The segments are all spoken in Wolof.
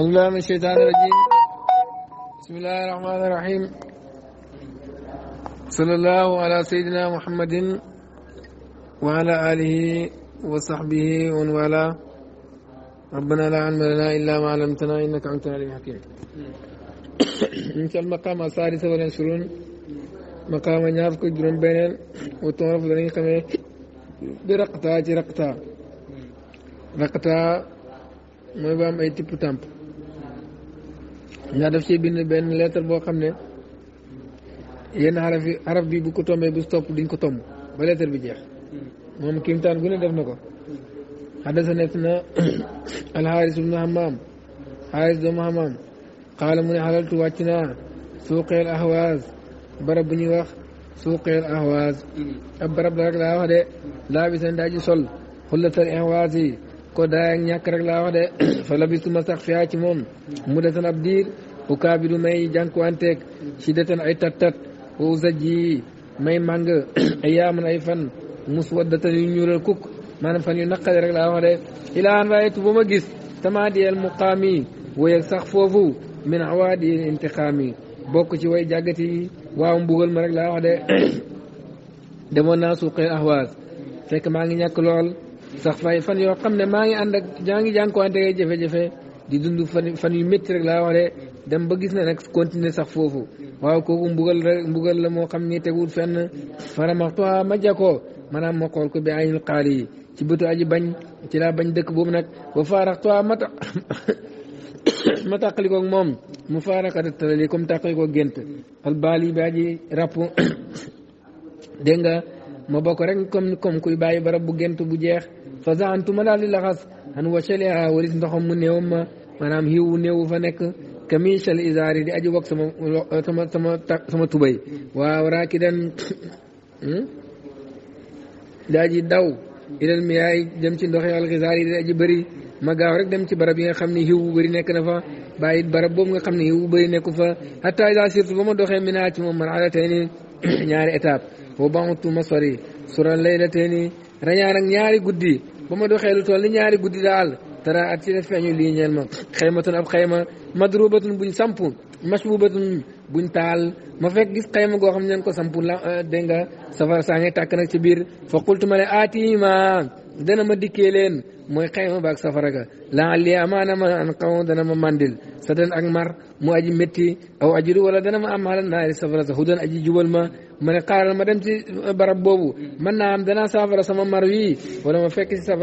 أعوذ بالله من الشيطان الرجيم بسم الله الرحمن الرحيم صلى الله على سيدنا محمد وعلى آله وصحبه ومن والاه ربنا لا علم لنا إلا ما علمتنا إنك أنت العليم الحكيم إن شاء المقام الثالث والعشرون مقام ينهض كجرم بينن وتعرف ذلك برقتا جرقتا رقتا ما يبقى ما يتب تامب ndax daf cee bind benn lettre boo xam ne yenn xaraf yi xaraf bi bu ko tombee bu stop duñ ko tomb ba lettre bi jeex moom kiimtaan gu ne def na ko xaddasa nett na alxaaris ibnu xamaam xaaris doomu xamaam xaala mu ne xalaltu wàcc naa suuqeel ahwaaz barab bu ñuy wax suuqeel ahwaaz ab barab la rek laa wax de laa bi seen sol xullatal ahwaaz ko daay ak ñàkk rek laa wax de fa labistu ma sax fiyaa ci moom mu desen ab diir ukaabidu may jànkuwanteeg si deten ay tat tat wow sajji may màng ay yaaman ay fan muswaddatan yu ñuulal kukk maanaam fan yu naqale rek laa wax de ilaan raaytu ba ma gis tamaadiyel muqaami woyeg sax foofu min awaadi intiqaami bokk ci way jàggati waaw mbugal ma rek laa wax de demoon naa suuqee ahwaas fekk maa ngi ñàkk lool sax fay fan yoo xam ne maa ngi ànd ak jaa ngi jànkuwante ay jafe di dund fan fan yu metti rek laa wax de dem ba gis na nag continuer sax foofu waaw kooku mbugal mbugal la moo xam ni teguwul fenn faramaxtuwa ma jakoo maanaam ma xool ko bi aynul xaali yi ci bëtu aji bañ ci laa bañ dëkk boobu nag ba faaraxtuwa ma tax ma tàqalikoog moom mu faaraxata talali comme tàqalikoo gént albaal yi bi aji ràpp dégg ma bokk rek comme comme kuy bàyyi barab bu gént bu jeex fa zaantu ma daal di laxas xan wacaleha walis ndoxam mu néewam ma maanaam xiw wu néewu fa nekk kamisal isaari di aju wak sama sama sama sama tubay waaw raakidan di aji daw ilal miyaay jëm ci ndoxi alxisaari di aji bëri ma gaaw rek dem ci barab yi nga xam ne xiw bu bëri nekk na fa bàyyi barab boobu nga xam ne xiw bu bëri nekku fa hatta isa surtout ba ma doxee minaa ci moom man ala tey ni ñaari étape foo bantu ma sori sura laylatayni rañaan ak ñaari guddi ba ma doxee lu toll ni ñaari guddi daal tara at ci def feeñu lii ñeel ma xaymatun ab xayma madrubatun buñ samp mashbubatun buñ taal ma fekk gis xayma goo xam ne dañ ko samp la euh, dégg nga safara saa ngay tàkk nag ci biir fa qultu ma ne aati ma dana ma dikkee leen mooy xayma baak safara ga laa lii amaana ma an xaw dana ma mandil sa den ak mar mu aji métti aw ajiru wala dana ma am xala naari safara sa hudan aji jubal ma ma ne xaaral ma dem ci uh, barab boobu mën naa am dana saafara sama mar wi wala ma fekk si sa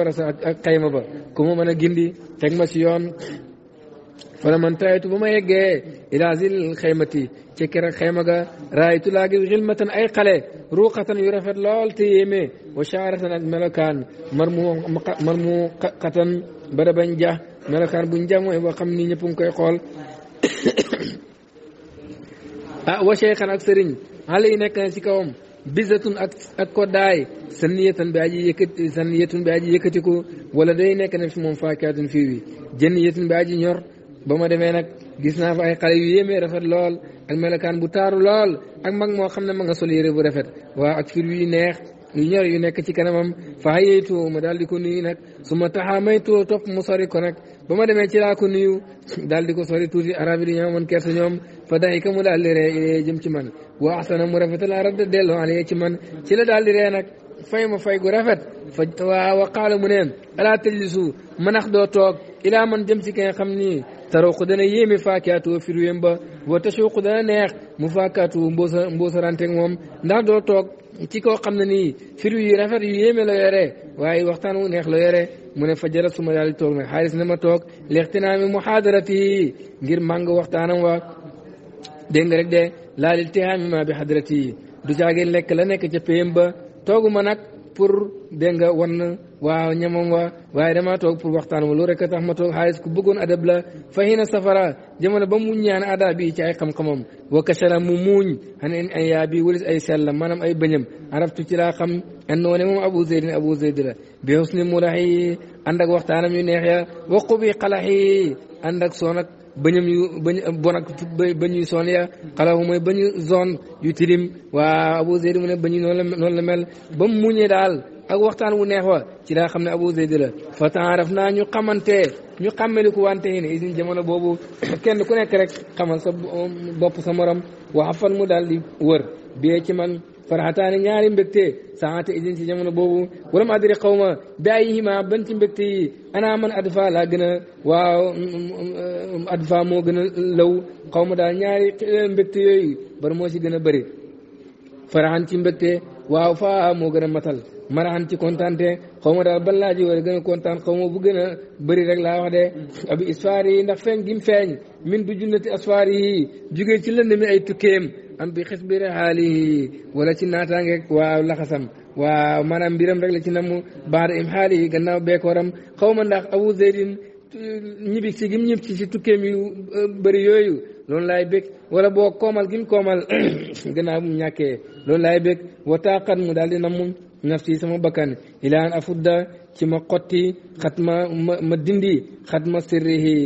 ak xayma ba ku ma mën a gindi teg ma si yoon wala man taaytu ba ma yeggee ilaa zil xaymati ci kër xayma ga raaytu laa gis ay xale ruuxatan yu rafet lool te yéeme wa shaaratan ak melokaan mar mu mar mu xatan bada bañ ja melokaan buñ ja mooy boo xam ni ñëpp ngi koy xool ah wa cheikhan ak sëriñ xale yu nekk na ci kawam bisatun ak ak koddaay saniyatan bi aji yëkkati saniyatun bi aji yëkkatiku wala day nekk na fi moom faakaatun fii wi jënniyatun bi aji ñor ba ma demee nag gis naa fa ay yu yéemee rafet lool ak melokaan bu taaru lool ak mag moo xam ne ma nga sol yére bu rafet waaw ak fir yu neex yu ñor yu nekk ci kanamam fa hayeytu ma daal di ko nuyu nag su ma taxaa maytoo topp mu sori ko nag ba ma demee ci laa ko nuyu daal di ko sori tuuti arabe yi dañoo amoon kersa ñoom fa day ka mu daal di ree eh, jëm ci man wa axsana mu rafetal arab delloo alee ci man ci la daal di ree nag fay ma fay gu rafet fa wa qaala mu neen alaa tajlisu nax doo toog ilaa man jëm si ki nga xam ni taroq dana yéeme faakaatu firuweem ba wa tasuuq dana neex mu faakaatu mboosa mboosaranteeg moom ndax doo toog ci koo xam na ni firu yu rafet yu yéeme la yore waaye waxtaan wu neex la yore mu ne fa jara suma daal di toog nag xaalis ne ma toog lextinaami muxaadarati ngir màng waxtaanam wa dégg nga rek de laal iltihaami ma bi xadrati du caageen lekk la nekk ca péyam ba toogu ma nag pour dégg nga wan waaw ñamam wa waaye damaa toog pour waxtaan wa loolu rek tax ma toog xaalis ku bëggoon adab la fahina safara jamono ba mu ñaan adab yi ci ay xam-xamam wa kashara mu muuñ xan en ay yaa bi walis ay sellam maanaam ay bëñam araftu ci laa xam en noo ne moom abu zeydin abu zeyd la bi husni mulahi ànd ak waxtaanam yu neex ya wa qubi xalaxi ànd ak soon ak bëñam yu bañ bon ak bañ yu son ya xalawu mooy bañu zone yu tilim waa Abu Zayd mu ne bañu noonu la noonu la mel ba mu muñee daal ak waxtaan wu neex wa ci daa xam ne Abu Zayd la fa taaraf naa ñu xamante ñu xàmmeli ko wante yi ne isin jamono boobu kenn ku nekk rek xamal sa bopp sa morom waa fan mu daal di wër bee ci man farxataani ñaari mbégte saata idin ci jamono boobu wala mu adri xaw ma bàyyihima ban ci mbégte yi ana man adfa laa gën a waaw adfa moo gën a law xaw ma daal ñaari mbégte yooyu ban moo si gën a bëri faraxan ci mbégte waaw faa moo gën a matal maraxan ci kontaante xaw ma daal ban laaj war gën a kontaan xaw bu gën a bëri rek laa wax de abi isfaar yi ndax feeñ gi mu feeñ min du junnati asfaar yi jugee ci lënd mi ay tukkeem am bi xis bi rehaali yi wala ci naataangeeg waaw laxasam waaw maanaam mbiram rek la ci namu baada im xaali yi gannaaw beekooram xaw ma ndax abu zeydin ñibbi ci gim ñib ci ci tukkeem yu euh, bëri yooyu loolu laay bég wala boo koomal gi mu koomal gannaaw bu mu ñàkkee loolu laay bég wataaxat mu daal di namm nafsi sama bakkan ilaan afudda ci ma xotti xat ma ma dindi xat ma sirrihi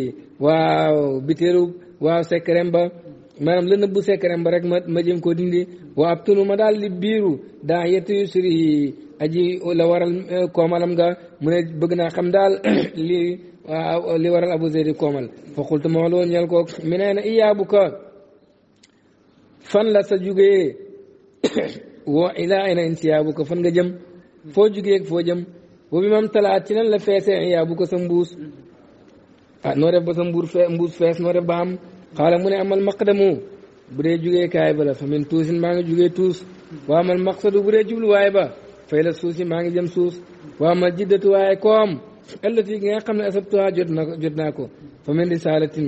waaw bitéeru waaw sekkerem ba maanaam la nëbbu sekkerem ba rek ma ma jëm koo dindi waa ab ma daal di biiru daa yettiyu sirrihi aji la waral eh, koomalam nga mu ne bëgg naa xam daal lii waaw li waral abu zeydi koomal fa xultu ma wax la woon ñeel ko nee na iyaabu ka fan la sa jugee woo ilaa ayna insiyaabu ka fan nga jëm foo jugee ak foo jëm boobu mam talaat ci nan la feesee iyaabu ka sa mbuus ah noo def ba sa mbuur fee mbuus fees noo def ba am xaala mu ne amal maqdamu bu dee jugee kaay ba la fa min tuusin maa ngi jugee tuus waa amal maqsadu bu dee jubluwaay ba fay la suus maa ngi jëm suus waa amal jiddatu waaye koom allati gi nga xam ne asabtuha jot na jot naa ko fa mel ni saalatin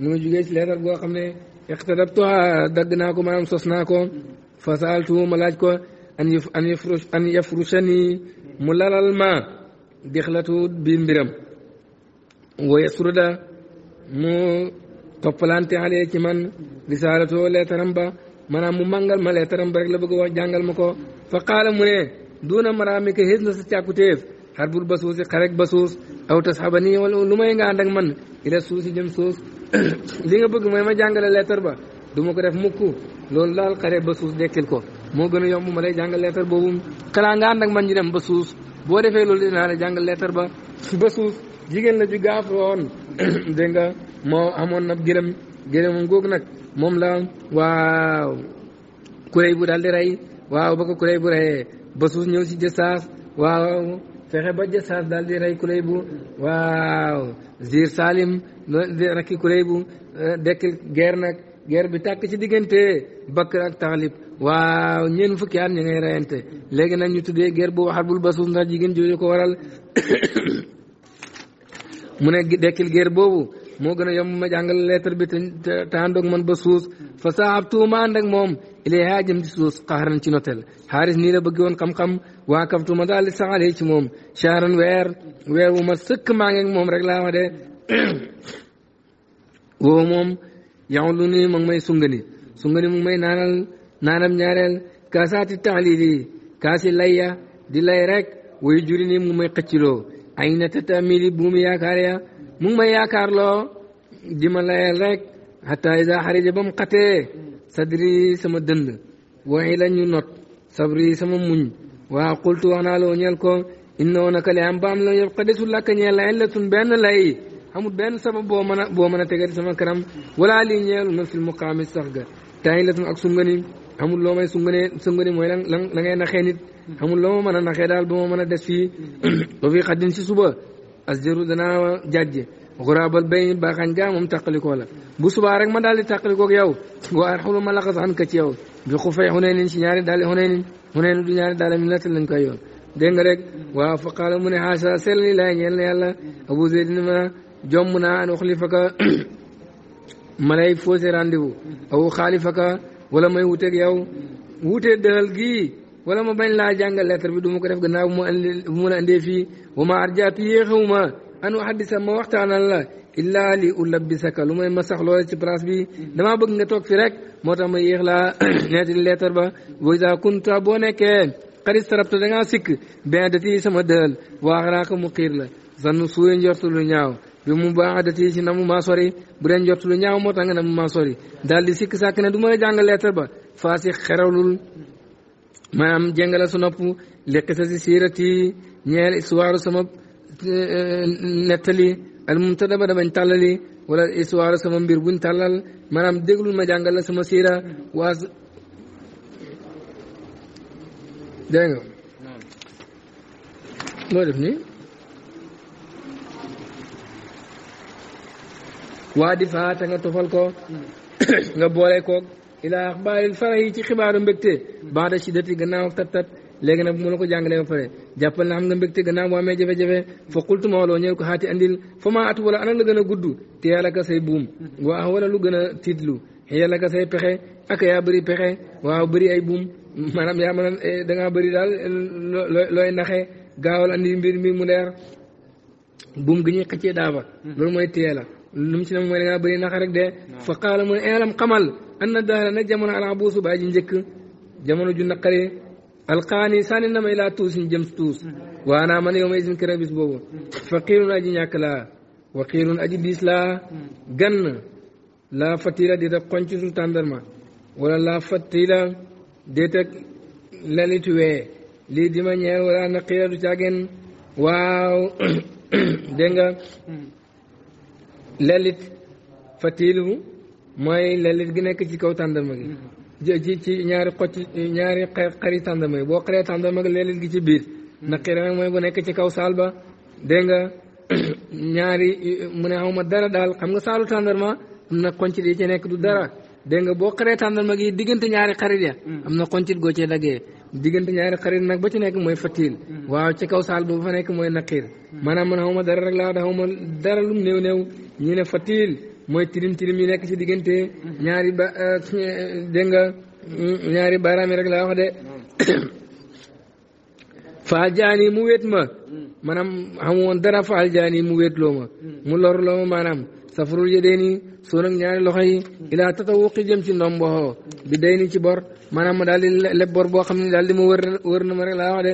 mu ngi leetar goo xam ne ixtadabtuha dagg naa ko maanaam sos naa ko fa saaltuhu ma laaj ko an yafrushani mu lalal ma dixlatu bi mbiram wa yasruda mu toppalante xale ci man risaalatoo leetaram ba maanaam mu màngal ma leetaram ba rek la bëgg wax jàngal ma ko fa qaala mu ne duuna maraamika xis na sa càkkutéef xar bul ba suusi xarek ba suus aw tasxaba nii wala lu may nga ànd ak man ila suusi jëm suus li nga bëgg ma ma jàngale lettre ba du ma ko def mukk loolu daal xarek ba suus dekkil ko moo gën a yomb ma lay jàngal lettre boobu xalaa nga ànd ak man ñu dem ba suus boo defee loolu dinaa la jàngal lettre ba ba suus jigéen la ju gaaf woon dégg nga moo amoon na gërëm gërëmam googu nag moom la waaw kuréy bu daal di rey waaw ba ko bu reyee ba suus ñëw si jëstaas waaw fexe ba jasaas daal di rey kulaybu waaw zir salim rakki bu eh, dekkil guerre nag guerre bi tàkk ci diggante bakr ak taxlib waaw ñeen fukki at ñu ngay reyante léegi nag ñu tuddee guerre bu waxar bul basuus ndax jigéen jooju ko waral mu ne dekkil guerre boobu moo gën a yomb ma jàngal lettre bi te te àndoog man basuus fa saabtu ma ànd moom ilayha jëm ci suuf xaxaran ci notel xaaris nii la bëgg woon xam-xam waa kaftuma daal di saxalee ci moom shahran weer weer wu ma sëkk maa ngeeg moom rek laa wax de woo moom yow lu nii may sungani sungani mu may naanal naanam ñaareel kaasaati taalili kaasi layya di lay rek way juri nii mu may xëcciloo ay na tatamili buumi yaakaar ya mu may yaakaar loo di ma layal rek xataa isa xarija ba mu xatee sadri sama dënd waxi la ñu not sabri sama muñ waa qultu wax naa loo ñeel ko innoo na li am ba am la yëpp xadisul làkk ñeel lay la sun benn lay amul benn sabab boo mën a boo mën a tegati sama kanam walaa lii ñel na fil muqaami sax ga taa tay la sun ak sungani amul loo may sungane sungani mooy lan lan la ngay naxee nit amul loo mën a naxee daal ba ma mën a des fii ba fii xaddin si suba asjaru danaa jàjje xuraabal bay baaxaan jaa moom taqalikoo la bu subaa rek ma daal di taqalikoog yow waaye xulu ma laxas an ka ci yow bi xufay xunee nin si ñaari daal xunee nin xunee nin du ñaari daal mi nattal lañ koy yoon dégg nga rek waaw fa qaala mu ne xaasa sell ni laay ñeel na yàlla abu zeyd ni ma jomm naa an uxlifaka ma lay faussé rendez-vous aw xaalifaka wala may wuteeg yow wutee dëhal gii wala ma bañ laa jàngal lettre bi du ma ko def gannaaw bu ma bu ma la andee fii wa ma an uhaddisa ma waxtaanal la illaa li ulabbisaka lu may ma sax loola ci bi damaa bëgg nga toog fi rek moo tax ma yéex laa nettali leetar ba wa iza kunta boo nekkee xarit sarabta da ngaa sikk benn dati sama dël waaxaraaka mu xiir la zannu suuy njortu lu ñaaw bi mu baax dati si na mu maa sori bu dee njortu lu ñaaw moo tax nga na mu maa sori daal di sikk sàkk ne du jàng leetar ba faasi xeralul maanaam jëngala su nopp li xisa si siirati ñeel histoire sama netali al mumtada ba damañ tàllali wala histoire sama mbir buñ tàllal maanaam déglul ma jàngal sama sira waas dégg nga loo def nii waa di nga tofal ko nga boole koog ilaa axbaaril fara ci xibaaru baada gannaaw tat tat léegi nag bu ma ko ba pare jàppal na am nga mbekte gannaaw boo amee jafe-jafe fa ma ko andil fa maa at wala ana la gëna guddu te yalla ka say boom wa wala lu gëna tidlu. yalla ka say pexé ak ya bari pexé wa bari ay boom manam ya mën eh, da nga bari dal loy naxé gaawal andi mbir mi mu leer boom gi ñi xëcé daaba loolu moy téye la lu mu ci ne mooy da ngaa rek de nah. fa qala mu eh, alam qamal anna dahra najmun na abusu baaji ñeek jamono ju nakare alqaani sànni na ma ilaa tuusin jëm tuus waanaa man yow may sin boobu faqiirun aji ñàkk laa waqiirun aji diis laa gann laa fatila déeta xoncitu tàndarma wala laa fatila déeta lalituwee lii di ma ñeel wala naqiira du caageen waaw dégg lalit fatilu mooy lalit gi nekk ci kaw tàndarma gi ci ci ñaari xocc ñaari xari tàndama yi boo xaree tàndama ak leelit gi ci biir hmm. naqi ra mooy bu nekk ci kaw saal ba ñaari mu ne dara daal xam nga saalu tàndarma am na xoncit yi ci nekk du dara hmm. dégg nga boo xaree tàndarma gi diggante ñaari xarit ya hmm. am na xoncit goo cee daggee diggante ñaari xarit nag ba ci nekk mooy fatiin waaw ci kaw saal ba fa nekk mooy naqiir maanaam man xawma dara rek laa dara lum néew néew ñi ne fatiin mooy tilim tilim yi nekk ci diggante ñaari ba euh, dégg ñaari baaraam yi rek laa wax de faal jaani mu wéet ma maanaam xam woon dara faal jaani mu wéet loo mu lor loo ma maanaam safarul yëdee nii soo ñaari loxo yi ilaa tatawuqi jëm ci ndomboxoo bi day ci bor maanaam ma daal di leb bor boo xam ne daal di ma wër na ma rek laa wax de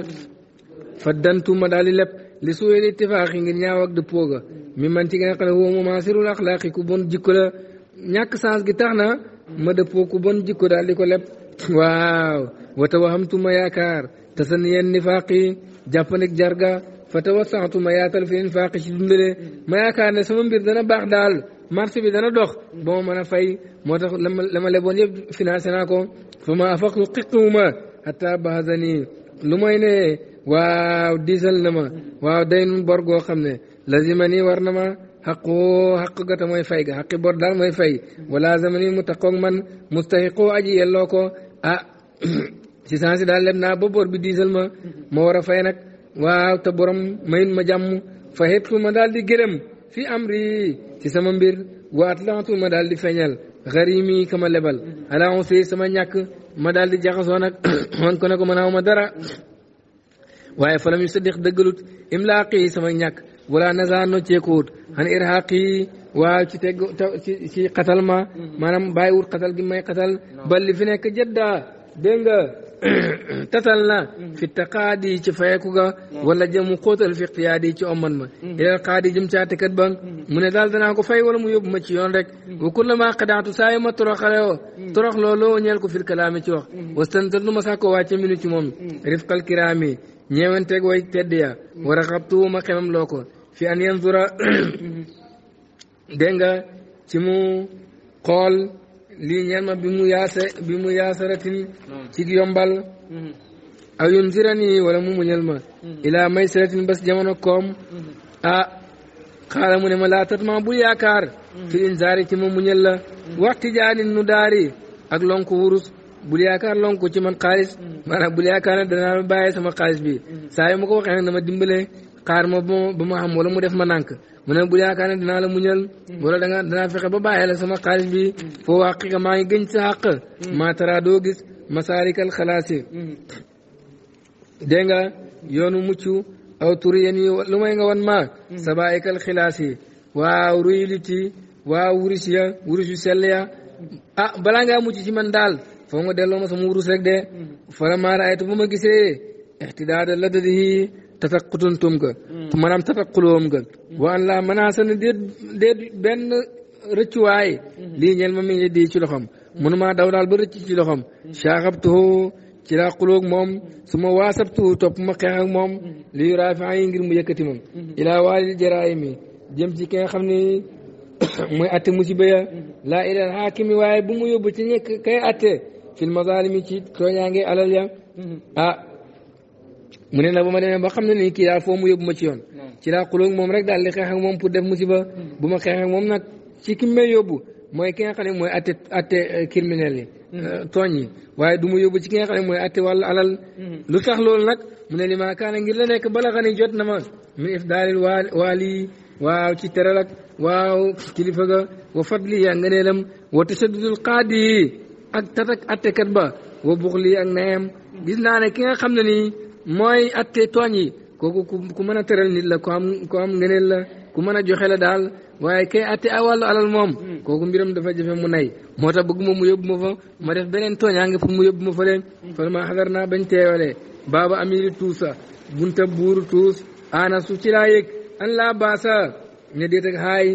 fa dantu ma daal di leb li suwee li ittifaax yi ngir ñaaw ak dëppoo ga mi man ci nga xam ne woo moom asirul ku bon jikko la ñàkk sens gi tax na ma dëppoo ku bon jikko daal di ko leb waaw wata ma yaakaar te sa yenn nifaaq yi jàppandik jarga fata wasaxtuma yaatal fi nifaaq ci dundale ma yaakaar ne sama mbir dana baax daal marché bi dana dox ba ma mën a fay moo tax lama la ma leboon yëpp financé naa ko fa ma afaqtu xiquma hatta bahazani lu may ne waaw diisal na ma waaw day nun bor goo xam ne lazima ni war na ma xaqu xaq ga te mooy fay ga xaqi bor daal mooy fay wala zamani mu taqoog man mustaxiqu aji yelloo ko ah si sensi daal leb naa ba bor bi diisal ma ma war a fay nag waaw te borom mayun ma jàmm fa xetlu ma daal di gërëm fi amri ci sama mbir waat laxatu ma daal di feeñal xarimi kama lebal ala sama ñàkk ma daal di jaxasoo wan ko ne ko mënaaw ma dara waaye fa lam yu saddiq dëggalut imlaaq yi sama ñàkk wala nasa nocceekuwut xan irhaq yi waaw ci tegg ci ci xatal ma maanaam bàyyi wut xatal gi may xatal bal li fi nekk jëdda dégg nga tatal na mm. fi taqaadi ci fayeku ga wala jëmu xóotal fi ixtiyaadi ci omman ma mm. ilal qaadi jëm caatekat ba mm. mu ne daal danaa ko fay wala mu yóbbu ma ci yoon rek wa kullama xadaatu saa yu ma toroxaloo torox looloo ñeel ko fil kalaami ci wax wastantal du ma sàkko wàcce minu ci moom rifqal kiraami ñeewanteeg way tedd war a xabtu ma xemam loo ko fi an yanzura dégg ci mu xool lii ñeen ma bi mu yaase bi mu yaasaratin ci yombal aw yunzirani wala mu muñal ma ilaa maysaratin bas jamono koom ah xaala mu ne ma laa tatma bul yaakaar fi inzaari ci ma muñal la waxti jaanin nu daari ak lonku wurus bul yaakaar lonku ci man xaalis mm. maanaam bul yaakaar ne danaa bàyyi sama xaalis bi mm. saa yu ma ko waxee nag dama dimbale xaar ma ba ma xam wala mu def ma nànk ma ne bul yaakaar ne danaa la muñal mm. wala danga danaa fexe ba bàyyi la sama xaalis bi foo wàqiqa maa ngi gëñ sa xàq maa tara doo gis masaarikal xalaasi dégg nga yoonu mucc aw tur yéen yi nga wan ma sabaayikal xilaas yi waaw ruyiliti waaw wurus ya wurus yu sell ya ah balaa ngaa mucc ci man daal foo nga delloo ma sama wurus rek de vraiment mm-hmm. raaytu bu ma gisee ixtidaada ladadihi tatakkutantum ka mm-hmm. maanaam tatakkuloom ka mm-hmm. wa an laa manaasana déet déet benn rëccuwaay lii ñeel ma mi ngi di ci loxom mënuma daw daal ba rëcc ci loxom saaxabtuhu ci laa xuloog moom su ma waasabtuhu topp ma xeex ak moom li raafian yi ngir mu yëkkati ma ilaa waalil jaraay mi jëm ci ki nga xam ni mooy atte musiba ya laa ilal xaakimi waaye bu mu yóbbu ci ñekk kay atte fil mazalimi ci tooñaange alal ya ah mu ne na ba ma demee ba xam ne nii kii daal foo mu yóbbu ma ci yoon ci laa xulóog moom rek daal di xeex ak moom pour def musiba bu ma xeex ak moom nag ci ki may yóbbu mooy ki nga xam ne mooy atte atte criminel yi tooñ yi waaye du ma yóbbu ci ki nga xam ne mooy atte wàllu alal lu tax loolu nag mu ne li maa kaana ngir la nekk bala xani jot na ma min if daalil waa waali waaw ci teral ak waaw kilifa ga wa fadli yaa nga neelam wa tasaddudul qaadi ak tatak attekat ba wa buux lii ak gis naa ne ki nga xam ne nii mooy atte tooñ yi kooku ku mën a tëral nit la ko am ku am ngëneel la ku mën a joxe la daal waaye kay atte a wàllu alal moom kooku mbiram dafa jafe mu nay moo tax bëgguma mu yóbbu ma fa ma def beneen tooñaange pour mu yóbbu ma fa leen fala ma xadar naa bañ teewalee baaba amiri tuusa bunta buuru tuus aana su ci laa yëg an laa baasa ne déet ak xaay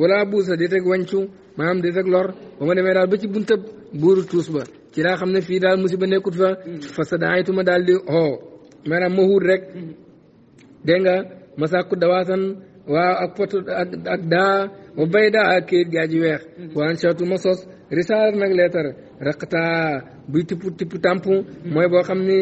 wala buusa déet ak wàncu maanaam déet ak lor ba ma demee ba ci bunta buuru tuus ba ci xam ne fii daal musiba nekkut fa mm-hmm. fa sa daay tuma daal di xoo maanaam ma huut rek mm-hmm. dégg nga ma sàkku ak pot ak daa ma bay daa ak kayit gaa weex mm-hmm. waan satu sos risaala nag leetar raqataa buy tipp tipp tampon mooy boo xam ni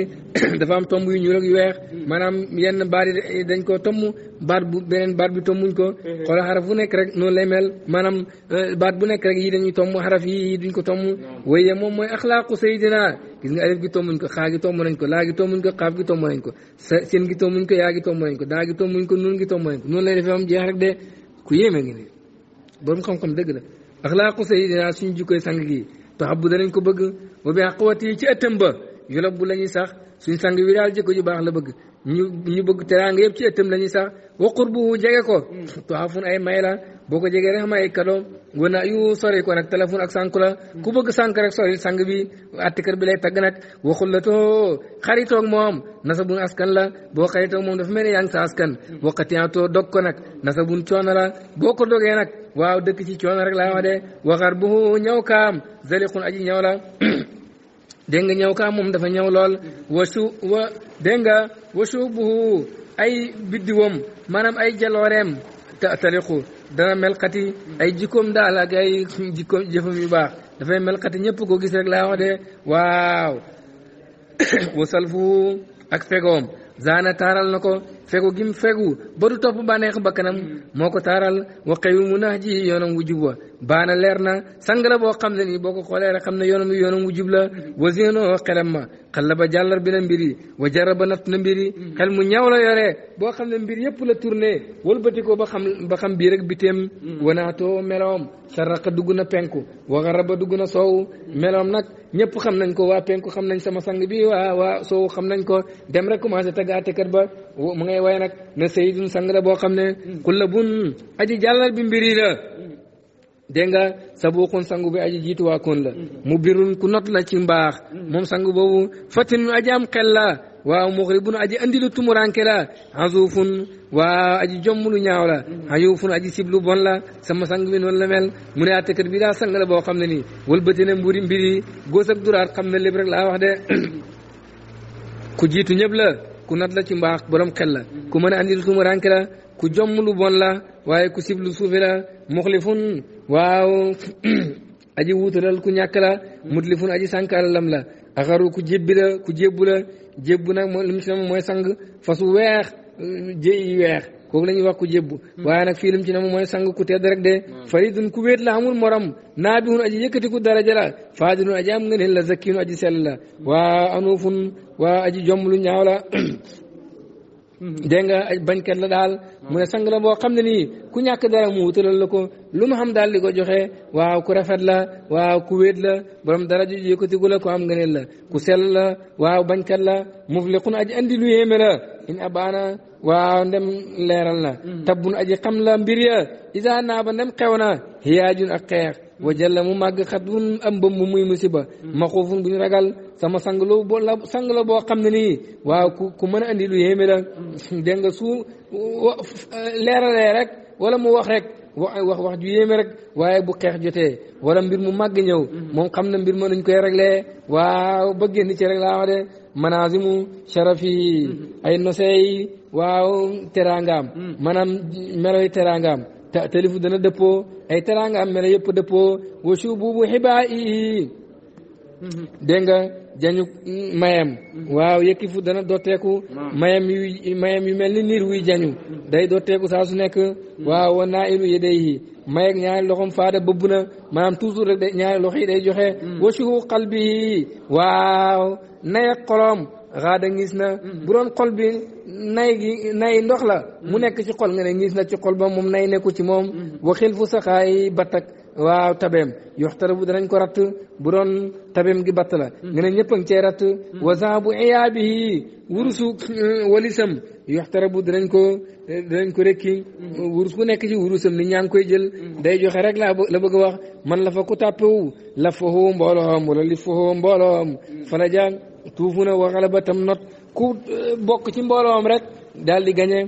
dafa am tomb yu ñuul ak yu weex maanaam yenn baat yi dañ koo tomb baat bu beneen baat bi tombuñ ko mhm. xoolal xaraf bu nekk rek noonu lay mel maanaam euh, baat bu nekk rek yii dañuy tomb xaraf yi yii duñ ko tomb mhm. waaye moom mooy axlaaqu sayidina gis nga alif gi ko xaa gi tomb nañ ko laa gi tombuñ ko xaaf gi tomb nañ ko sa seen gi tombuñ ko yaa gi tomb nañ ko daa gi tombuñ ko nun gi tomb nañ ko noonu lay defee am jeex rek de ku yéeme ngi nii borom xam-xam dëgg la axlaaqu sayidina suñu jikkoy sang gi taxabu danañ ko bëgg ba bi xaqawati ci ëttam ba yolob bu la ñuy sax suñ sang wi daal jikko ju baax la bëgg ñu ñu bëgg teraanga yëpp ci ëttam la ñuy sax wa qurbuhu jege ko mm. tuxafun ay may la boo ko jegee rek xam ay kado wana yu sori ko nag téléphone ak sànq la mm. ku bëgg sànq rek sori sang bi attikër bi lay tagg nag waxul la too xaritoog moom nasabun askan la boo xaritoog moom dafa mel ne yaa ngi sa askan mm. waqatiyaatoo dog ko nag nasabun ko dogee nag waaw dëkk ci coono rek laa wax de waxar bu ñëw kaam zaliqun aji ñëw la dégg nga ñëw kaam moom dafa ñëw lool wa su wa dégg nga wa suubuhu ay biddiwam maanaam ay jalooreem taliqu dana melkati ay jikkoom daal ak ay jikkoom jëfam yu baax dafay melkati ñëpp ko gis rek laa wax de waaw wa salfu ak fegoom zaana taaral na ko fegu gim fegu ba du topp bànneexu bakkanam mm. moo ko taaral wa qawimu nahjihi yoonam wujub wa baana leer na sang la boo xam ne nii boo ko xoolee rek xam ne yoonam yoonam wu jub la wasinoo xelam ma xel ba jàllar bi la mbir yi wa jara ba natt na mbir xel mu ñaw la yoree boo xam ne mbir yëpp la tourné wëlbati ko ba xam ba xam bii rek biteem mm. wanaatoo meloom sarraqa dugg na penku waxara ba dugg na soow meloom nag ñëpp xam nañ ko wa penku xam nañ sama sang bi waa waa soow xam nañ ko dem rek commencé tagaate kat ba mu ngay way nag ne sayyidun sang la boo xam ne mm. kulla dégg nga sabuqun sangu bi aji jiitu waakoon la mu birun ku not la ci mbaax moom sangu boobu fatin aji am xel la waaw muxribun aji andi lu tumuranke la azufun waaw aji jomm lu ñaaw la ayufun aji siblu bon la sama sangu bi noonu la mel mu ne àttekat bi daa sang la boo xam ne nii wëlbati na mburi mbiri góos duraat xam ne lépp rek laa wax de ku jiitu ñëpp la ku not la ci mbaax borom xel la ku mën a andi lu la ku jomm lu bon la waaye ku sib lu suufe la muxlifun waaw aji wuutalal ku ñàkk la mutlifun aji sànkaalalam la la axaru ku jébbi la ku jébbu la jébbu nag mooy li mu ci nam sang fasu weex jëy weex kooku la wax ku jébbu waaye nag fii li mu ci nam mooy sang ku tedd rek de faridun ku wéet la amul morom naabihun aji yëkkati ku daraja la faadilun aji am nga neen la zakkinu aji sell la waa anuufun waa aji jomm lu ñaaw la Mm-hmm. dégg nga bañkat la daal mu ne sang la boo xam ne ku ñàkk dara mu wutalal la ko lu mu xam daal di ko joxe waaw ku rafet la waaw ku wéet la borom dara ju yëkkatigu la ko am ngëneel la ku sell la waaw bañkat la mufliqun aji andi lu yéeme la in abaana waaw ndem leeral na mm-hmm. tabbun aji xam la mbir ya isa naa ba ndem xew na a ak wajal la mu màgg xatun am ba mu muy musiba mm. ma xoofun bu ñu ragal sama sang la boo la boo xam ne nii waaw ku ku mën a andi lu yéeme la mm. dégg nga su leeralee rek wala mu wax rek wax wax ju yéeme rek waaye bu xeex jote wala mbir mu màgg ñëw mm-hmm. moom xam na mbir ma nuñ koy réglé waaw ba génn ci rek laa wax de manaazimu sharafi mm-hmm. ay nosey waaw teraangaam mm. maanaam meloy teraangaam ta talifu dana dëppoo ay teraanga am mel yëpp dëppoo wasu buubu xibaa ii dégg jañu mayam waaw yëkkifu dana dotteeku mayam yu mayam yu mel ni niir wuy jañu day dotteeku saa su nekk waaw wa naa ilu yedey yi ñaari loxom faada bëbb na maanaam toujours rek ñaari loxo yi day joxe hmm. wasu xalbi waaw nayeg xolom raada ngis na mm-hmm. bu xol bi nay gi nay ndox la mu mm-hmm. nekk ci xol nga ne ngis na ci xol ba moom nay nekku ci moom mm-hmm. waxil fu saxaay battak waaw tabeem yoxtara bu danañ ko ratt bu doon tabeem gi batt la nga ne ñëpp a ngi cee ratt wasan bu iyaabihi wurusu euh, walisam yoxtara bu danañ ko euh, danañ ko rekki wurus ku nekk ci wurusam ni ñaa ngi koy jël day joxe rek la la bëgg wax man la fa ku tàppewu la tuufu na waxala ba tam not ku eh, bokk ci mbooloom rek daal di gañe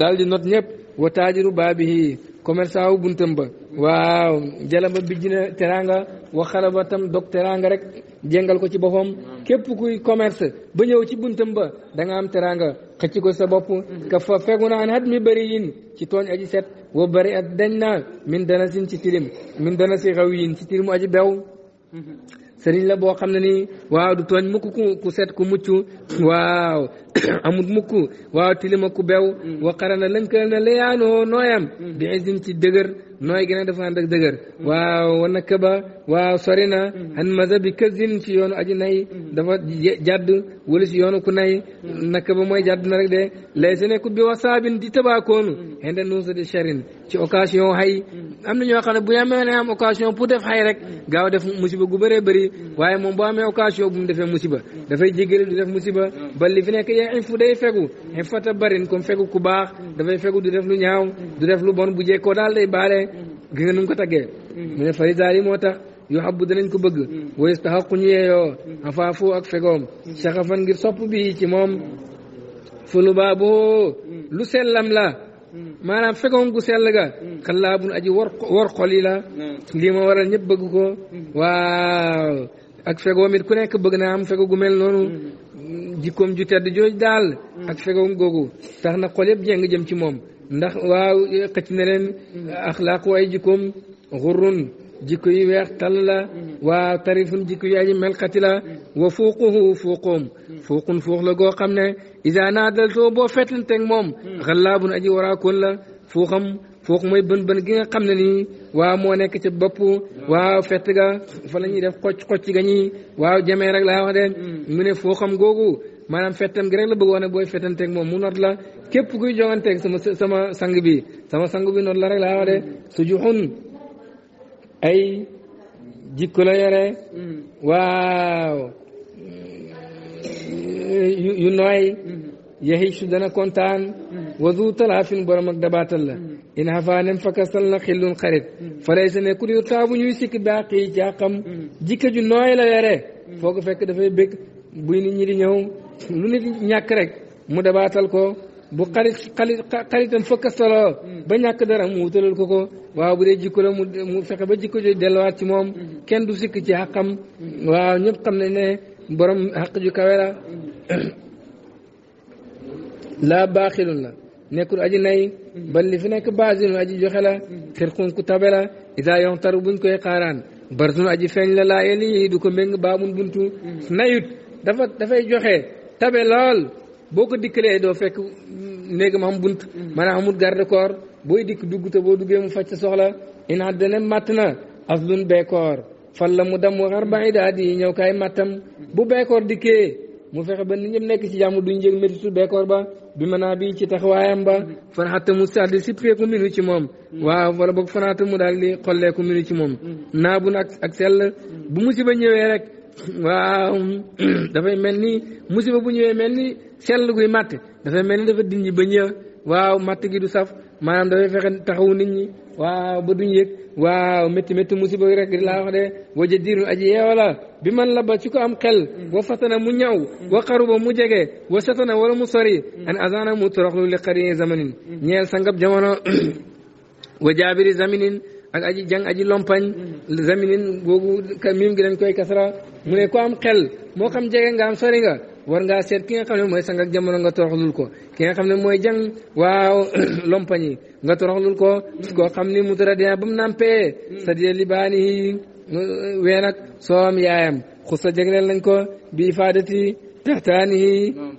daal di not ñëpp wa taajiru baabihi commerçant wu buntam ba waaw jalaba bijj na teranga waxala ba tam dog teranga rek jéngal ko ci boppam képp kuy commerce ba ñëw ci buntam ba danga nga am teranga xëcc ko sa bopp ka fa fegu na an hat mi bari yin ci tooñ aji set wa bëri at dañ na min dana ci tirim min dana si xaw yin ci tirimu aji bew sëriñ la boo xam ne ni waaw du tooñ mukk ku set ku mucc waaw amut mukk waaw tilima ku bew mm. wa qarana lënkal na layaanoo nooyam mm. bi isim ci dëgër nooy gën a dafa ànd ak dëgër mm. waaw wana këba waaw sori na an maza bi kësin ci yoonu aji nay dafa jàdd wala si ku nay nakaba mooy jàdd na rek de lay se ne ku bi wasaabin di tabaakoonu xenda nuusa di charin ci occasion xay mm. am na ñoo xam ne bu yamee ne am occasion pour def xay rek mm. gaaw def musiba gu bëree bëri mm. waaye moom bu amee occasion bu mu defee musiba dafay jégali du def musiba ba li fi nekk yaa in fu day lu ñaaw du def lu bon bu jekkoo daal day baale gi nga nu ko taggee mu ne fay daal yi moo tax yoo xabbu danañ ko bëgg wa yastaxaqu a yeeyoo afaafu ak fegoom saxafan ngir sopp bi ci moom fulu baaboo lu sellam la maanaam fegoon gu sell ga xalaabun mm. aji war war xol yi la mm. lii ma waral ñëpp bëgg ko mm. waaw ak fegoom it ku nekk bëgg naa am fego gu mel noonu jikkoom ju tedd jooj daal ak fegoom googu tax na xol yëpp jeng jëm ci moom ndax waaw xëcc na leen axlaaqu ay jikkoom xurrun jikko yu weex tàll la waaw tarifun jikko yu aji melxati la wa fuuquhu fuuqoom fuuqun fuux goo xam ne isa naadaltoo boo feetlanteeg moom hmm. xallaabun aji waraa kon la foo xam foo mooy bën bën gi nga xam ne nii waaw moo nekk ci bopp hmm. waaw fett ga fa la ñuy def xocc xocc ga ñi waaw jamee rek la wax de hmm. mu ne foo xam googu maanaam fettam gi rek la bëggoon ne booy fettanteeg moom mu not la képp kuy jonganteeg sama sama sang bi sama sang bi not la rek laa wax de su juxun ay jikko la yore waaw yu nooy mm-hmm. yaxisu dana kontaan mm-hmm. wazu talaafin borom ak dabaatal la mm-hmm. in hafaanem fakasal na xillun xarit falay sa ne ku di taabu ñuy sikk baaxi ci àqam jikka ju nooy la yore foo ko fekk dafay bëgg bu nit ñi di ñëw lu nit ñàkk rek mu dabaatal ko bu xarit xarit xaritam fakkasaloo ba ñàkk dara mu wutalal ko ko waaw bu dee jikko la mu mu fexe ba jikko jooju delluwaat ci moom kenn du sikk ci àqam waa ñëpp xam nañ ne borom àq ju kawe laa baaxilun la nekkul aji nay bal li fi nekk baasilun aji joxe la xirqun ku tabe la idaa yoon taru buñ koy xaaraan bartun aji feeñ la laa yeli du ko méng baamun buntu nayut dafa dafay joxe tabe lool boo ko dikkalee doo fekk néegam am bunt maanaam amul garde corps booy dikk dugg te boo duggee mu faj soxla in àddane màtt na aslun beekoor fal la mu dam wax arbaida di ñëw kaay màttam bu beekoor dikkee mu fexe ba nit ñëpp nekk ci jàmm duñ jëg métitu bekkoor ba bi manaa bi ci taxawaayam ba fanaxatta mu daal di sippeeku minu ci moom waaw wala boog fanaxatta mu daal di xolleeku minu ci moom naa bu ak ak sell bu ba ñëwee rek waaw dafay mel ni ba bu ñëwee mel ni sell guy matt dafay mel ni dafa dindi ba ñëw waaw matt gi du saf maanaam dafay fexe taxawu nit ñi waaw ba duñ yëg waaw métti métti musiba rek laa wax de waja diirul aji yeewala bi man la ba ci ko am xel wa fatana mu ñaw wa xaruba mu jege wa satana wala mu sori an azana mu toroxlu li xarini zamanin ñeel sangab jamono wa jaabiri zaminin aji jàng aji lompañ zaminin boobu mim gi dañ koy kasra mu ne ko am xel moo xam jege nga am sori nga war ngaa seet ki nga xam ne mooy sang ak jamono nga toroxlul ko ki nga xam ne mooy jàng waaw lompañ nga nga toroxlul ko koo xam ni mu dara dina ba mu nampee c'est-à-dire li soom yaayam xusa jagleel nañ ko bii faadati taxtaani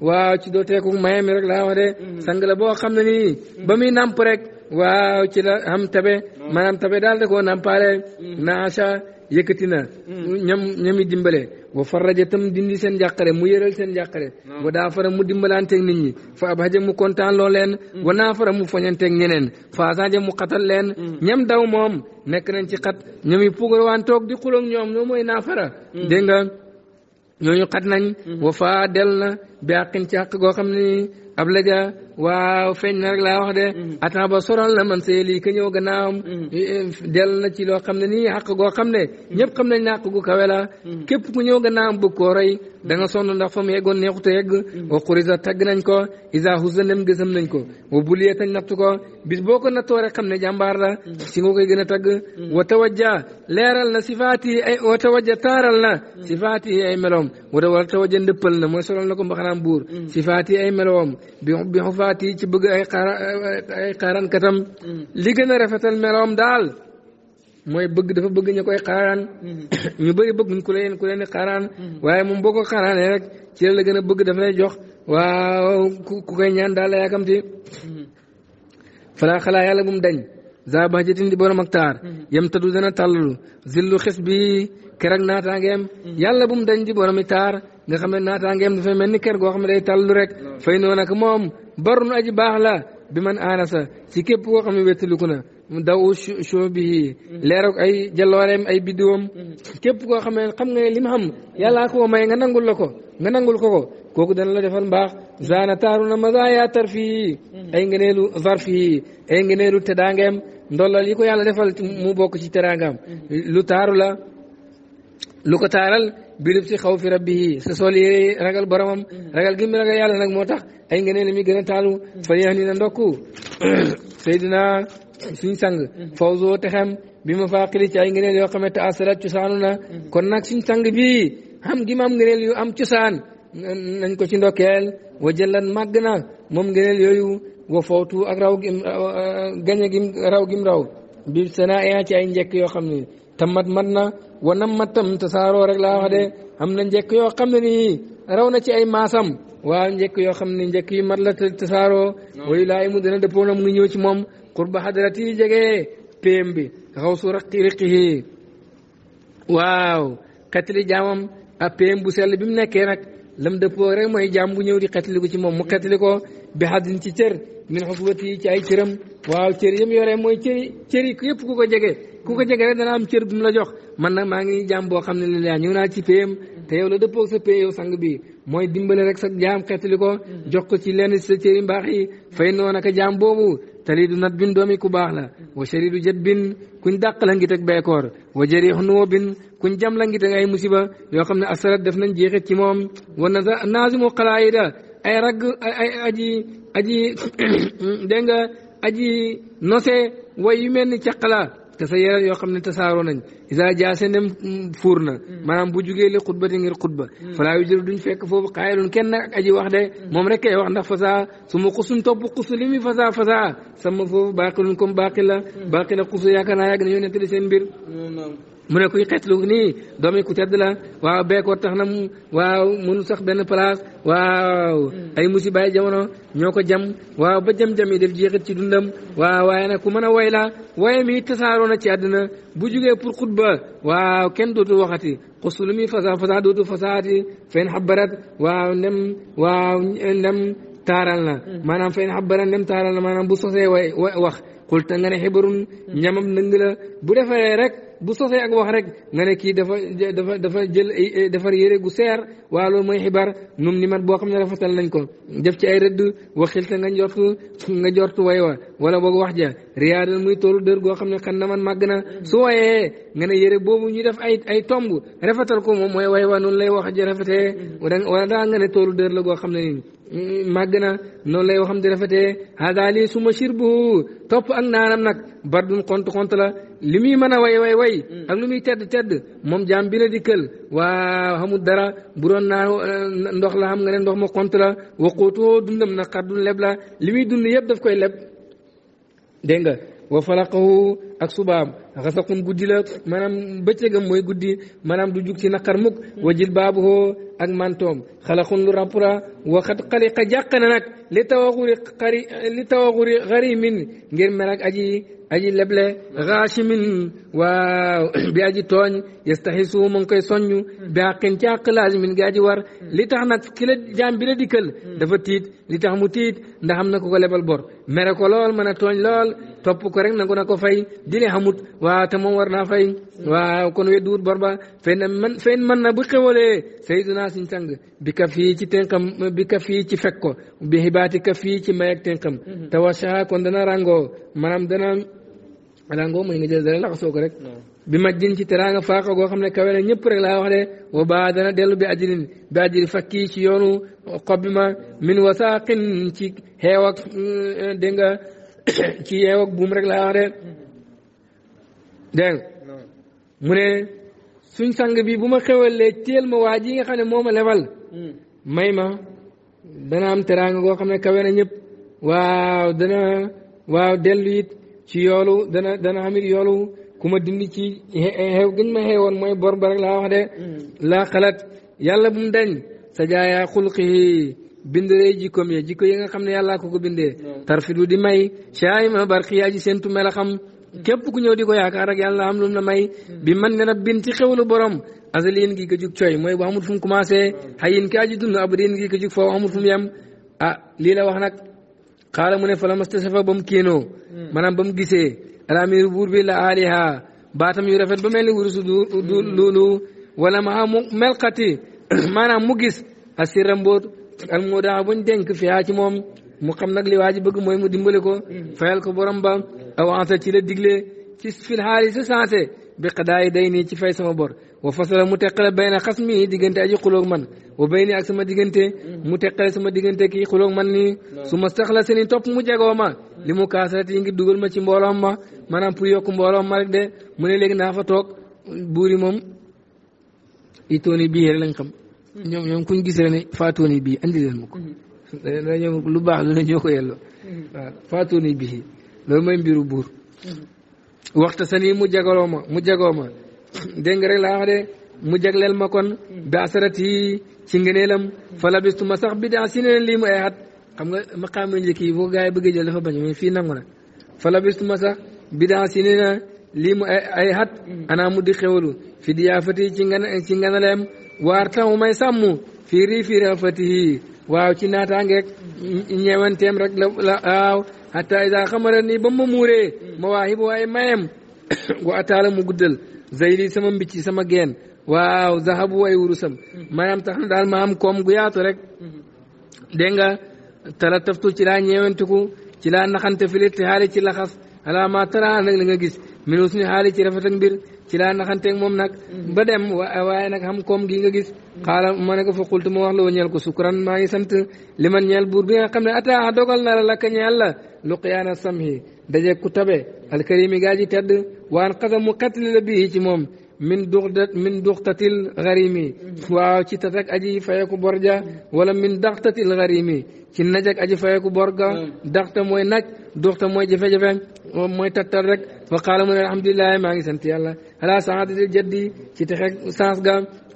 waaw ci dooteeku mayam rek laa wax de sang la boo xam ne nii ba muy namp rek waaw ci la am tabe maanaam tabe daal da koo nampaale naasa yëkkati na dimbale wa faraja tam dindi seen njàqare mu yëral seen njàqare wa daa fara mu dimbalanteeg nit ñi fa abhaja mu kontaan loo leen mm. wa naa fara mu foñanteeg ñeneen fa asaja mu xatal leen mm. ñam daw moom nekk nañ ci xat ñoom yi pugar waan toog di xuloog ñoom ñoo mooy naa fara mm. dégg nga ñooñu xat nañ wa faa del bi àqin ci àq goo xam ne ab laja waaw feeñ na rek laa wax de mm-hmm. attends ba soral na man see lii ka ñëw gannaawam mm-hmm. eh, eh, dell na ci loo xam ne ni xàq goo xam ne mm-hmm. ñëpp xam nañ ne xàq gu kawe la képp ku ñëw gannaawam bëgg koo rey da nga sonn ndax fa mu yeggoon neexuta yegg wa xurisa tagg nañ ko isa xusa nem gësam nañ ko wa bulie tañ natt ko bis boo ko nattoo rek xam ne jàmbaar la si nga koy gën a tagg wa tawajja leeral na sifaat yi ay wa tawajja taaral na sifaat yi ay meloom wala wala tawajja ndëppal na mooy solal na ko mbaxanaam buur sifaat yi ay meloom bi bi xufaat yi ci bëgg ay xaar ay xaarankatam mm-hmm. li gën a rafetal meloom daal mooy bëgg dafa bëgg ñu koy xaaraan mm-hmm. ñu bëri bëgguñ ku leen ku leen di mm-hmm. waaye moom boo ko xaaraanee rek ci la gën a bëgg daf jox waa ku koy ñaan daal la yaakamti falaa xalaa yàlla bu mu dañ za bahjatin di borom ak yam tadu dana tàllalu zillu xis kër ak naataangeem mhm. yàlla bu mu dañ ci boromi taar nga xam ne naataangeem dafay mel ni kër goo xam ne day tallu rek fay noonu ak moom barun aji baax la bi man sa si képp koo xam ne wéttaliku na daw show bi mhm. leer ak ay jalooreem ay biddiwam mhm. képp koo xam xam nga ne li mu xam yàllaa koo may nga nangul la ko nga nangul ko ko kooku dana la defal mbaax zaana taaru na mazaya fi ay ngeneelu zarfi ay ngeneelu teddaangeem ndollal yi ko yàlla defal mu bokk ci teraangaam lu taaru lu ko taaral bilib si xaw fi rabbihi sa sol yi ragal boromam ragal gi ragal yàlla nag moo tax ay nga mi gën a taalu fa yeex ni na ndokku Seydina suñ sang fawzoo texem bi ma faaqili ci ay ngeneel yoo xam ne te asalat cosaanu na kon nag suñ sang bii xam gi ma am ngeneel yu am cosaan nañ ko ci ndokkeel wa jëllan màgg na moom ngeneel yooyu wa fawtu ak raw gim gañe gim raw raw bi sana ci ay njekk yoo xam ne te mat mat na wanam matam te saaroo rek la wax de am na njekk yoo xam ne nii raw na ci ay masam waaw njekk yoo xam ne njekk yi mat la te saaroo wayu laa mu dina dëppoo na mu ngi ñëw ci moom qurba hadrati yi jegee péem bi xaw su raqi riqihi waaw xetli jaamam a péem bu sell bi mu nekkee nag lam dëppoo rek mooy jaam bu ñëw di xetli ko ci moom mu xetli ko bi xadin ci cër min xuswati ci ay cëram waaw cër yam yore mooy cëri cëri yëpp ku ko jege ku ko jege rek dana am cër bu mu la jox man nag maa ngi jaam boo xam ne li laa ñëw naa ci péem te yow la dëppoog sa pée yow sang bi mooy dimbale rek sa jaam xeetali ko jox ko ci lenn si sa cëri mbaax yi fay noon aka jaam boobu tali du nat bin ku baax la wa shari du jët bin kuñ dàq la ngi teg beekoor wa jëri xnuwo bin kuñ jam la ngi teg ay musiba yoo xam ne asarat def nañ jeexit ci moom wa naasimu xalaayida ay ragg ay aji aji aji nose way yu te sa yoo xam ne tasaaroo nañ isa jaase nem fuur na mm. maanaam bu jugee li xutba te ngir xutba mm. falaa yu jëru duñ fekk foofu xaayaloon kenn nag ak aji wax de mm. moom kay wax ndax fasaa su ma xusun topp xusu li muy fasaa fasaa sama foofu baaqiluñ comme baaqi la baaqi la xusu yaakaar naa yàgg nañoo nekk di seen mbir mu ne kuy xetlu nii doomi ku tedd la waaw beekoo tax na mu waaw mënu sax benn place waaw ay musiba ay jamono ñoo ko jam waaw ba jam-jam yi def jeexit ci dundam waaw waaye nag ku mën a woy la waaye mi tasaaroo na ci àddina bu jugee pour xutba waaw kenn dootul waxati xusu lu muy fasa fasa dootul fasaati fen xabarat waaw ndem waaw ndem taaralna maanaam fa in xabbaran dem taaral na maanaam bu sosee way wax xulta nga ne xibarun ñamam nëng la bu defaree rek bu sosee ak wax rek nga ne kii dafa dafa dafa jël defar yére gu seer waa loolu mooy xibaar num ni mat boo xam ne rafetal nañ ko def ci ay rëdd waxilta nga njort nga jort way wa wala boog wax ja riyaadal muy toolu dër goo xam ne xan na man màgg na su wayee nga ne yére boobu ñu def ay ay tomb rafetal ko moom mooy way wa noonu lay wax ja rafetee wala daa nga ne toolu dër la goo xam ne nii màgg na noonu lay waxam di rafetee hada lii suma shirbu topp ak naanam nag bardun kont kont la li muy mën a way way way ak lu muy tedd tedd moom jaam bi la dikkal waa xamul dara bu doon naan eh, ndox la xam nga ne ndox ma xont la waqootu dundam nag xar dun leb la li muy dund yëpp daf koy leb dégg nga wa faraqahu ak subaam xasaqun guddi la maanaam bëccëgam mooy guddi maanaam du jug ci naqar mukk wa jilbaabuhu ak mantoom xalaqun lu rampura wa xat xaliqa jàq na nag li tawaxuri xari li tawaxuri xarimin ngir mel ak aji aji leble xaasimin waaw bi aji tooñ yastaxisu mu ngi koy soññ bi àqin ci àq laazimin gi aji war li tax nag ki la jaam dikkal dafa tiit li tax mu tiit ndaxam na ku ko lebal bor mere ko lool mën a tooñ lool topp ko rek nangu na ko fay dile xamut waa te moom war naa fay waaw kon we duut bor ba man na bu xewalee sayyiduna suñ sang bi ka fii ci tënkam bi ka fii ci fekk ko bi xibaati ka fii ci may ak tënkam mm-hmm. te wasaa kon dana rango maanaam dana rango mooy nga jël dara laxasoo ko rek bi ma ci teraanga faaqa goo xam ne kawe na ñëpp rek laa wax de wa baa dellu bi ajrin bi ajri fakki ci yoonu xob bi ma min wasaaqin ci xeew ak euh, ci xeew buum rek laa wax de dégg mu ne suñ sang bi bu ma xewalee teel ma waa ji ne moo ma lebal hmm. may ma dana am teraanga goo xam ne kawe na ñëpp waaw dana dellu it ci yoolu dana dana amit yoolu ku ma dindi ci xew gën ma xewoon mooy bor ba la laa wax de mm. la xalaat yàlla bu mu dañ sa jaayaa xulqi bind rey jikkoom ya yi nga xam ne yàllaa ko ko bindee mm. tarfidu di may caay ma barki yaa ji seentu mel a xam képp ku ñëw di ko yaakaar rek yàlla am lu la may mm. bi man ne nag bin ci xewlu borom azaliin gi ko jug cooy mooy bu amul fu mu commencé xayin ki aji dund abadiin gi ko jug foofu amul mu yem ah lii la wax nag xaala mu ne fa la mastasafa ba mu kéenoo hmm. maanaam ba mu gisee alamiru buur bi la aliha baatam yu rafet ba mel ni wurusu du loolu wala ma mu melxati maanaam mu gis asirra mbóot al moo daa buñ dénk fiyaa ci moom mu xam nag li waa ji bëgg mooy mu dimbale ko hmm. fayal ko borom ba aw ansa ci la digle ci fil xaali sa sensé bi xadaay day nii ci fay sama bor wa fasala mu teqale bayna xas mi diggante aji xuloog man wa bayni ak sama diggante mu teqale sama diggante kii xuloog man nii su ma saxla seeni topp mu jagoo ma li mu kaasarati yi ngir dugal ma ci mbooloom ma maanaam pour yokk mbooloom ma rek de mu ne léegi naa fa toog buuri moom itooni bii rek lañ xam ñoom ñoom ku gis rek ne faatooni bii andi leen ma ko lu baax lu ne ñoo ko yelloo waaw faatooni bii loolu mooy mbiru buur mm-hmm. waxta sani mu jagaloo ma mu jagoo dégg nga rek laa wax de mu jagleel ma kon bi asarat yi ci ngëneelam fa labistu ma sax bi daa si ne lii ay at xam na fa labistu ma sax bi daa si ne na lii mu ay ay at anaa mu di xewlu fi diyaafati ci ngan ci nganaleem waar tamu may sàmm fii rii fii rafatihi waaw ci naataangeeg ñeewanteem rek la waaw hatta isa xamara nii ba ma muuree ma waa xibu ay mayem wa ataala mu guddal zayli sama mbicci sama geen waaw zahabu ay wurusam maanaam tax daal ma koom gu yaatu rek dégg nga tala taftu ci laa ñeewantiku ci laa naxante fili te xaali ci laxas ala ma tara nag li nga gis min usni xaali ci rafet ak mbir ci laa naxanteeg moom nag ba dem waaye nag xam koom gii nga gis xaala ma ne ko fa xultu ma wax la wa ko sukran maa ngi sant li man ñeel bi nga xam ne dogal na la lakka ñeel la luqiyaana samhi daje ku tabe alkarimi gaa ji tedd waan xasa mu xettali la bii ci moom min duxdat min duxtatil garimi waaw ci tatak aji fayeku borja wala min daxtatil garimi ci najak aji fayeku borga daxta mooy naj duxta mooy jafe-jafe mooy tattal rek fa qaala mu ne alhamdulilahi ngi sant yàlla ala saadatil jaddi ci texe saas ga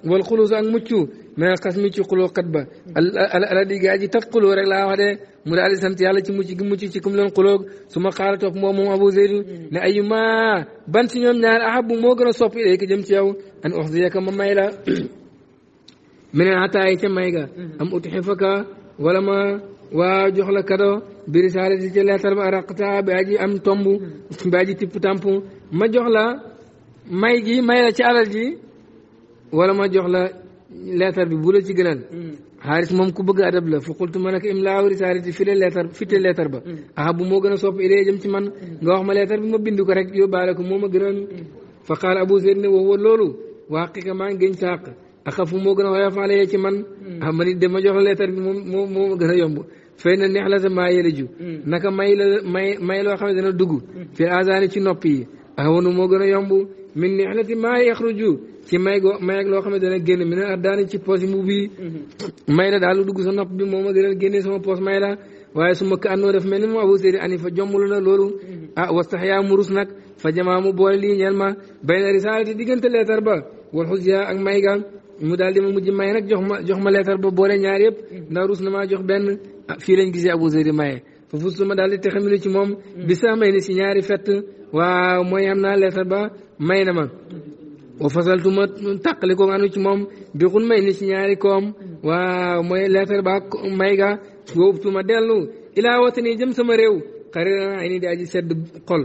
wal xulus ak mucc mais xas mi ci xuloo xat ba aladi gaa ji laa wax de mu daal di sant yàlla ci mucc gi mucc ci kum loon xuloo su ma xaala topp moom abu zeydu ne ayuma ban si ñoom ñaar ahabu moo gën a sopp ilay ka jëm ci yow an oxsiyaka ma may la mi ne may ga am utxifaka wala ma waa jox kado bi risaale si ca leetar ba araqta ba aji am tomb ba aji tipp tamp ma jox la may gi may la ci alal ji wala ma jox la leetar bi bu la ci gënal mm. xaalis moom ku bëgg adab la fu xultu ma ne ko im laaw risaalati fi la leetar ba mm. aha bu moo gën a sopp idée jëm ci man mm. nga wax ma leetar bi ma bind ko rek yóbbaale ko moo ma gënal fa qaal abou zeyd ne wax wa loolu waa xiqa maa ngi gën ci àq moo gën a woyof alayya ci man a ma nit dama jox la bi moom moo moo ma gën a yomb fay na neex la sa maa yeliju naka may la may ma loo xam ne dana dugg fi azaani a yomb min nexlati maa yaxruju ci may go may ak loo xam ne dana génn mi ne ardaani ci poos yi mbubb yi mm-hmm. may la daal lu dugg sa nopp bi moom a dana génne sama poos may la waaye su ma ka andoo def mel ni moom abou seydi fa jomblu na loolu mm-hmm. ah wastaxyaa mu rus nag fa jamaa mu boole lii ñeel ma bayna risaalati diggante leetar ba ak may ga mu daal di ma mujj may nag jox ma jox ma leetar ba boole ñaar yëpp mm-hmm. ndax rus na maa jox benn ah, fii lañ gisee abou seydi maye ma fustuma daal di texamilu ci moom bi sax may ni si ñaari fet waaw mooy am naa leetar ba may na ma wa fasaltu ma tàqali ko anu ci moom bi xun may ci ñaari koom wa mooy leetar ba may ga woobtu ma dellu ilaa watani jëm sama réew xari ay ni daa ji sedd xol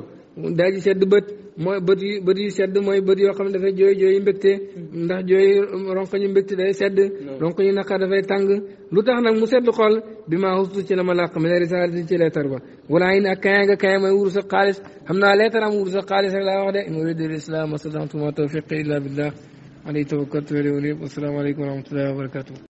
bët mooy bët yi bët yi sedd mooy bët yoo xam ne dafay jooy jooy mbégte ndax jooy ronk ñu mbégte day sedd ronk ñu naqar dafay tàng lu tax nag mu sedd xol bi maa xustu ci la ma làq mi ne risalati ci leetar ba wala yi ne ak kaña nga kaña mooy wurus ak xaalis xam naa leetar am wurus ak xaalis rek laa wax de in uridu lislam mastata'tu ma tawfiqi illa billah alayhi tawakkaltu wa ilayhi unib asalaamaaleykum wa rahmatullahi wa barakatuh